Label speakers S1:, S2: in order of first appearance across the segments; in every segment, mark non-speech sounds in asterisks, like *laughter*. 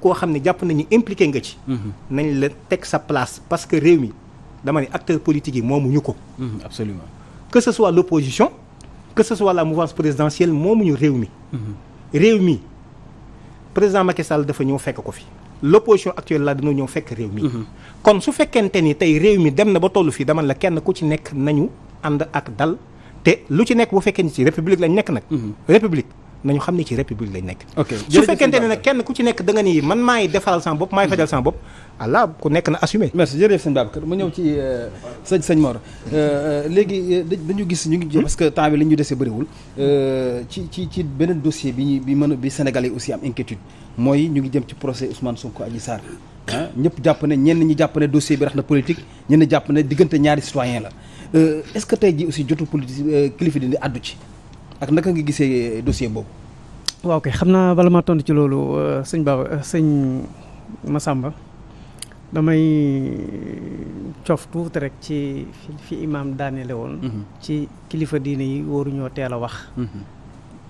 S1: koo xam ne jàpp nañu impliqué nga ci. Mhm. nañ la teg sa place parce que réew mi dama ne acteurs politiques yi moomuñu ko. Mhm, absolument que ce soit l'opposition que ce soit la mouvance présidentielle moomuñu réew mi. Mhm. réew mi président Macky Sall dafa ñëw fekk ko fi. l'opposition actuelle la dina ñëw fekk réew mi. kon su fekkente ni tey réew mi dem na ba tollu fii dama la kenn ku ci nekk nañu ànd ak dal te lu ci nekk bu fekkee ni ci république lañ nekk nag. république. nañu xam ne ci république lañ nekk. ok su fekkente ne nag kenn ku ci nekk da nga ni man maay defaral sama bopp maay fajal sama bopp allah ku nekk na assumé. merci jërëjëf sëñ Babacar mu ñëw ci euh, sañ sëñ Mor euh, euh, léegi dañu gis ñu ngi. parce que temps bi li ñu dese bëriwul. ci ci ci beneen dossier bi ñuy bi mën bi Sénégalais yi aussi am inquiétude mooy ñu ngi jëm ci procès Ousmane Sonko Adji Sarr ah ñëpp jàpp ne ñenn ñi jàpp ne dossier bi rax na politique ñenn jàpp ne diggante ñaari citoyen la est-ce que tey ji aussi jotu kilifa di àddu ci ak naka nga gisee dossier boobu.
S2: waaw kay xam naa bala maa tontu ci loolu euh, sëñ Baba euh, sëñ Massamba damay coof tuuti rek ci fi imaam daaneele woon. Mhm. ci kilifa diine yi waruñoo teel a wax. Mhm.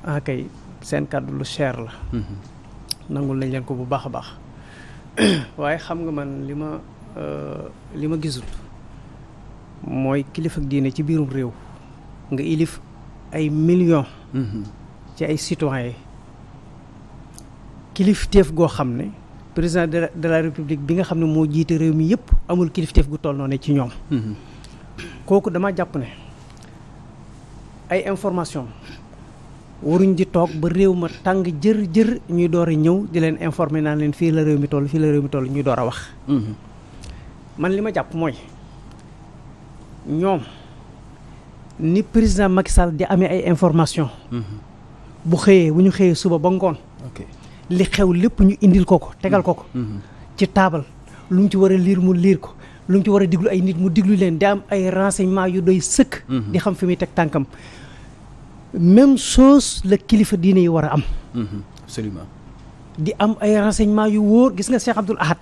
S2: ah kay seen kàddu lu cher la. Mhm. nangul nañ leen ko bu baax a baax *clears throat* waaye xam nga man li ma euh, li ma gisul mooy kilifa diine ci biirum réew nga ilif. ay millions. Mm-hmm. ci ay citoyens kilifteef goo xam ne président de la république bi nga xam ne moo jiite réew mi yëpp amul kilifteef gu toll ne ci ñoom. Mm-hmm. kooku dama jàpp ne ay information waruñ di toog ba réew ma tàng jër jër ñuy door a ñëw di leen informer naan leen fii la réew mi toll fii la réew mi toll ñuy door a wax. Mm-hmm. man li ma jàpp mooy ñoom. ni président Macky Sall di amee ay information bu xëyee bu ñu xëyee suba ba ngoon li xew lépp ñu indil ko ko tegal ko ko mm-hmm. ci taabal lu mu ci war a liir mu liir ko lu mu ci war a diglu ay nit mu diglu leen di am ay renseignement yu doy sëkk mm-hmm. di xam fi muy teg tànkam même chose la kilifa diine yi war a am mm-hmm. absolument di am ay renseignement yu wóor gis nga Cheikh Abdoul Ahad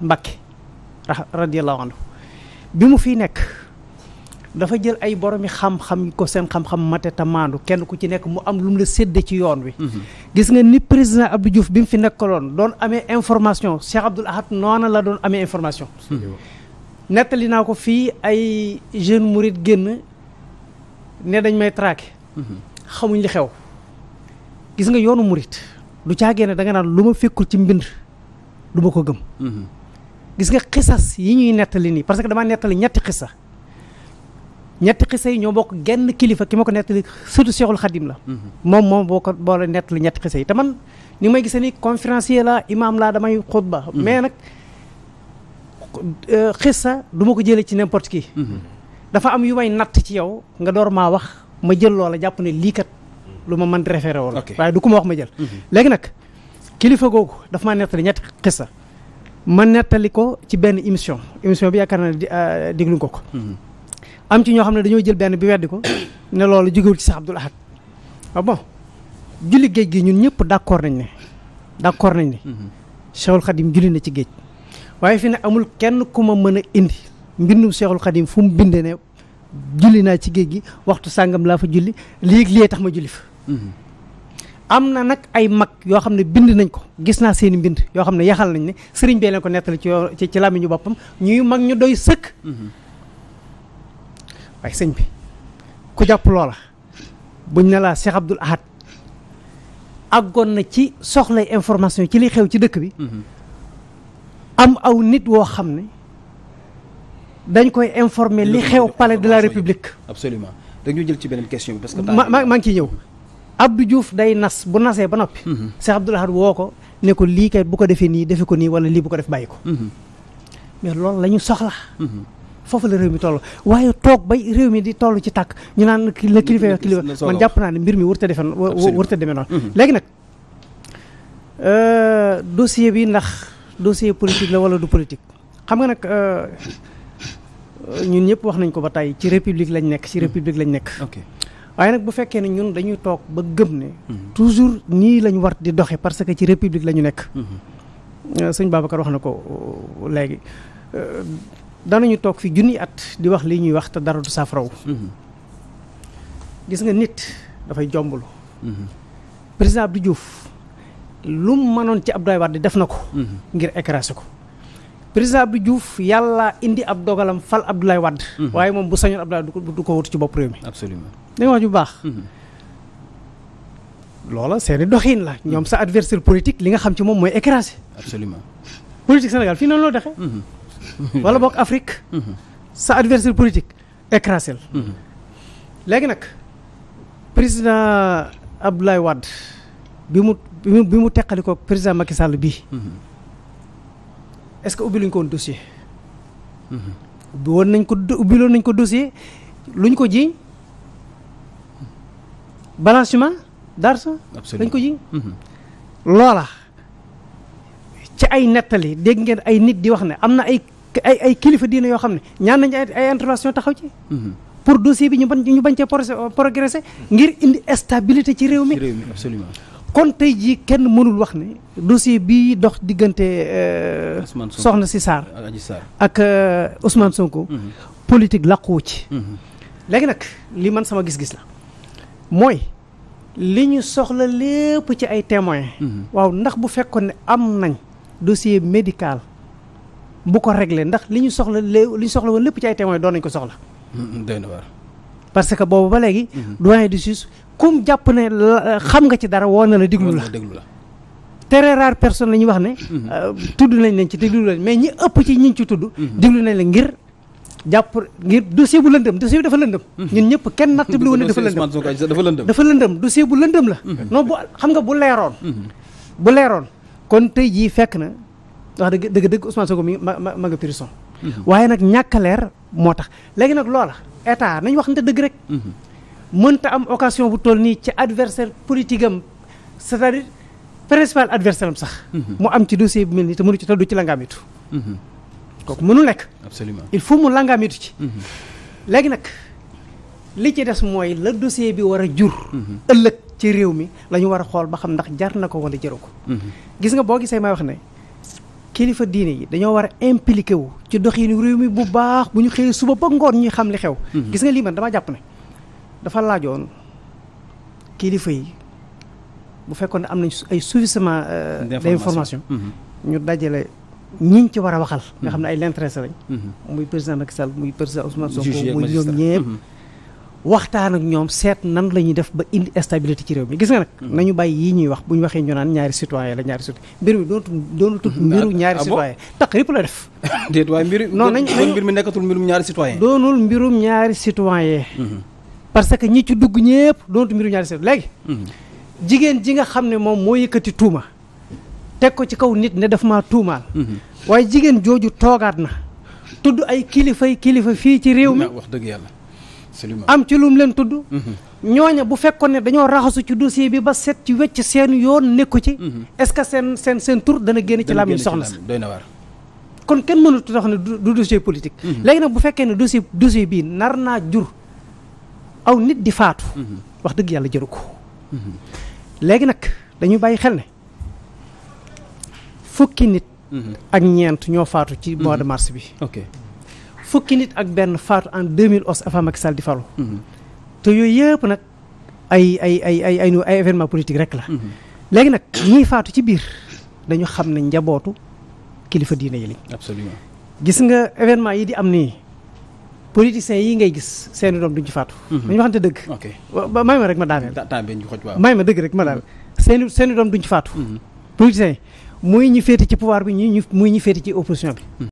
S2: Mbacké radiallahu anhu bi mu fi nekk dafa jël ay boromi xam-xam ko seen xam-xam mate maandu kenn ku ci nekk mu am lu mu la sédde ci yoon wi mhm. gis nga ni président Abdou Diouf bi mu fi nekkaloon doon amee information Cheikh Abdoul Ahad noona la doon amee information mhm. nettali naa ko fii ay jeune murid génn ne dañ may traqué mhm. xamuñ li xew gis nga yoonu murid du caagee ne da naan lu ma fekkul ci mbind du ma ko gëm gis nga xisas yi ñuy nettali nii parce que damaa nettali ñetti xisa ñetti xisa yi ñoo bokk genn kilifa ki ma ko nettali surtout Cheikhul Khadim la mhm. moom moom boo ko boole nettali ñetti xisa yi te man ni may gisee ni conférencier la imam laa damay xutba mhm. mais nag euh, xissa duma ko jële ci n'importe qui mhm. dafa am yu may natt ci yow nga door maa wax ma jël loola jàpp ne liikat lu ma mën référé woon waaye du ku ma wax ma jël léegi nag kilifa googu dafa maa nettali ñetti xissa ma nettali ko ci benn émission émission bi yaakaar naa ne euh, digluñ ko ko am ci ñoo xam ne dañoo jël benn bi weddi ko ne loolu jógewul ci sax Abdul Ahad ah bon julli géej gi ñun ñëpp d'accord nañ ne d'accord nañ ne Seexul mhm. Xadim julli na ci géej waaye fi ne amul kenn ku ma mën a indi mbindum Seexul Xadim fu mu bindee ne julli naa ci géej gi waxtu sàngam laa fa julli léegi lee tax ma julli fa mhm. am na nag ay mag yoo xam ne bind nañ ko gis naa seen i mbind yoo xam ne yaxal nañ ne sëriñ bee leen ko nettali ci ci làmmiñu boppam ñuy mag ñu doy sëkk mhm. waaye sëñ bi ku jàpp loola buñ ne laa Cheikh Abdoul ak àggoon na ci soxlay information ci li xew ci dëkk bi mhm. am aw nit woo xam ne dañ koy informer li xew pale de la république absolument dañu jël ci beneen question parce que ma maa ngi ciy ñëw Abdou Diouf day nas bu nasee ba noppi mhm. Cheikh Abdoul Ahad woo ko ne ko lii kay bu ko defee nii defe ko nii wala lii bu ko def bàyyi ko mhm. mais loolu la soxla foofu la réew mi toll waaye toog ba réew mi di toll ci tàkk ñu naan la kilifa kilifa man jàpp naa ne mbir mi wërta defe wërta demee noonu mhm. léegi nag euh, dossier bi ndax dossier politique la wala du politique xam nga nag euh, euh, ñun ñëpp wax nañ ko ba tey ci république lañ nekk ci mhm. république lañ nekk waaye nag bu fekkee ne ñun dañuy toog ba gëm ne mhm. toujours nii lañ war di doxe parce que ci république lañu nekk sëñ Babacar wax na ko léegi ñu toog fi junni at di wax li ñuy wax te dara du saafaraw mhm. gis nga nit dafay jomblu mhm. président Abdou Diouf lu mu noon ci Abdoulaye Wade def na ko mhm. ngir écrasé ko président Abdou Diouf yàlla indi ab dogalam fal Abdoulaye Wade waaye moom bu sañoon Abdoulaye du ko wut ci bopp réew mi absolument dañu wax ju baax loola seeni doxiin la ñoom sa adversaire politique li nga xam ci moom mooy écrasé absolument politique Sénégal fii noonu loo dexe wala boog Afrique. sa adversaire politique écrasel léegi nag président Abdoulaye wadd bi mu bi mu teqali ko président Macky sàll bii. est-ce que ubbi ko woon dossier. ubbi woon nañ ko ubbi loon nañ ko dossier luñ ko jiiñ blanchiment d'argent ko jiiñ loola ci ay nettali dégg ngeen ay nit di wax ne am na ay ay ay kilifa diina yoo xam ne ñaan nañ ay intervention taxaw ci mhm. pour dossier bi ñu bañ ñu bañ cee progresser ngir indi stabilité ci réew mi absolument kon tey jii kenn mënul wax ne dossier bi dox diggante euh, soxna si Sarr ak euh, Ousmane Sonko mhm. politique làquwu ci mhm. léegi nag li man sama gis-gis la mooy li ñu soxla lépp ci ay témoins waaw ndax bu fekkoon ne am nañ dossier médical bu ko réglé ndax li ñu soxla li ñu soxla woon lépp ci ay témoins doon nañu ko soxla.
S1: doy na waar.
S2: parce que boobu ba léegi. doyen de justice comme jàpp ne xam nga ci dara woo na la déglu la déglu la. très personne la ñuy wax ne. Euh, tudd nañ leen ci déglu leen mais ñi ëpp ci ñi ci tudd. déglu nañ la ngir. jàpp ngir dossier bu lëndëm dossier bi dafa lëndëm. ñun ñëpp kenn natt bi lu ne *laughs* dafa
S1: lëndëm
S2: dafa lëndëm dossier bu lëndëm la. non bu xam nga bu leeroon. bu leeroon kon tey jii fekk na wax dëgg dëgg dëgg Ousmane mi ma ma nga prison mhm. waaye nag ñàkk leer moo tax léegi nag loola état nañ wax nte dëgg rek mhm. mënta am occasion bu toll nii ci adversaire politique am c'est-à-dire principal adversaire sax mhm. mu am ci dossier bi mel nii te mënu ci te du ci langaamitu kooku mënul nekk absolument il faut mu langaamitu ci léegi nag li ci des mooy la dossier bi war a jur ëllëg ci réew mi lañu war a xool ba xam ndax jar na ko wala jaru ko gis nga boo gisee may wax ne kilifa diine yi dañoo war a impliqué wu ci doxinu réew mi bu baax bu ñu xëyee suba ba ngoon ñuy xam li xew. Mhm. gis nga lii man dama jàpp ne dafa laajoon kilifa yi bu fekkoon am nañ ay suffisamment euh, d'information mhm. ñu dajale ñiñ ci war a waxal. nga mhm. xam ne ay l'intéressé lañ. muy président Macky Sall muy président Ousmane Sonko muy ñoom ñëpp. waxtaan ak ñoom seet nan la ñuy def ba indi stabilité ci réew mi gis nga nag. Mm-hmm. nañu bàyyi yii ñuy wax bu ñu waxee ñu naan ñaari citoyen la ñaari citoyen mbir mi dootul dootul mm-hmm. mbiru ñaari ah citoyen tax la def. *laughs*
S1: déet waaye mbiru. non nañu nañu mbir
S2: mi nekkatul mbirum ñaari citoyen mbirum ñaari citoyen mm-hmm. parce que ñi ci dugg ñëpp dootul mbiru ñaari citoyen léegi. jigéen ji nga xam ne moom moo yëkkati tuuma. teg ko ci kaw nit ne daf maa tuumaal. waaye jigéen jooju toogaat na. tudd ay kilifa kilifa fii ci réew mi ah,
S1: wax dëgg yàlla
S2: am ci lum leen tudd mhm. ñooña bu fekkoon ne dañoo raxasu ci dossier bi ba set ci wecc seen yoon nekku ci mhm. est-ce que seen seen seen tur dana génn ci làmmiñ soxna si na waar kon kenn mënut wax ne du dossier politique mhm. léegi nag bu fekkee ne dossier dossier nar naa jur aw nit di faatu wax dëgg yàlla jëru ko léegi nag dañuy bàyyi xel ne fukki nit ak ñeent ñoo faatu ci mois de mars bi fukki nit ak benn faatu en 2011 avant Macky Sall di falu mhm. te yooyu yëpp nag ay ay ay ay ay ay événement politique rek la mhm. léegi nag ñiy faatu ci biir dañu xam ne njabootu kilifa diine yi lañ gis nga événement yi di am nii politiciens yi ngay gis seeni doom duñ ci faatu mhm. dañu waxante dëgg may ma rek ma daaneel may ma dëgg rek ma daaneel seeni seeni doom duñ ci faatu politiciens yi muy ñu féete ci pouvoir bi ñi muy ñu féete ci opposition bi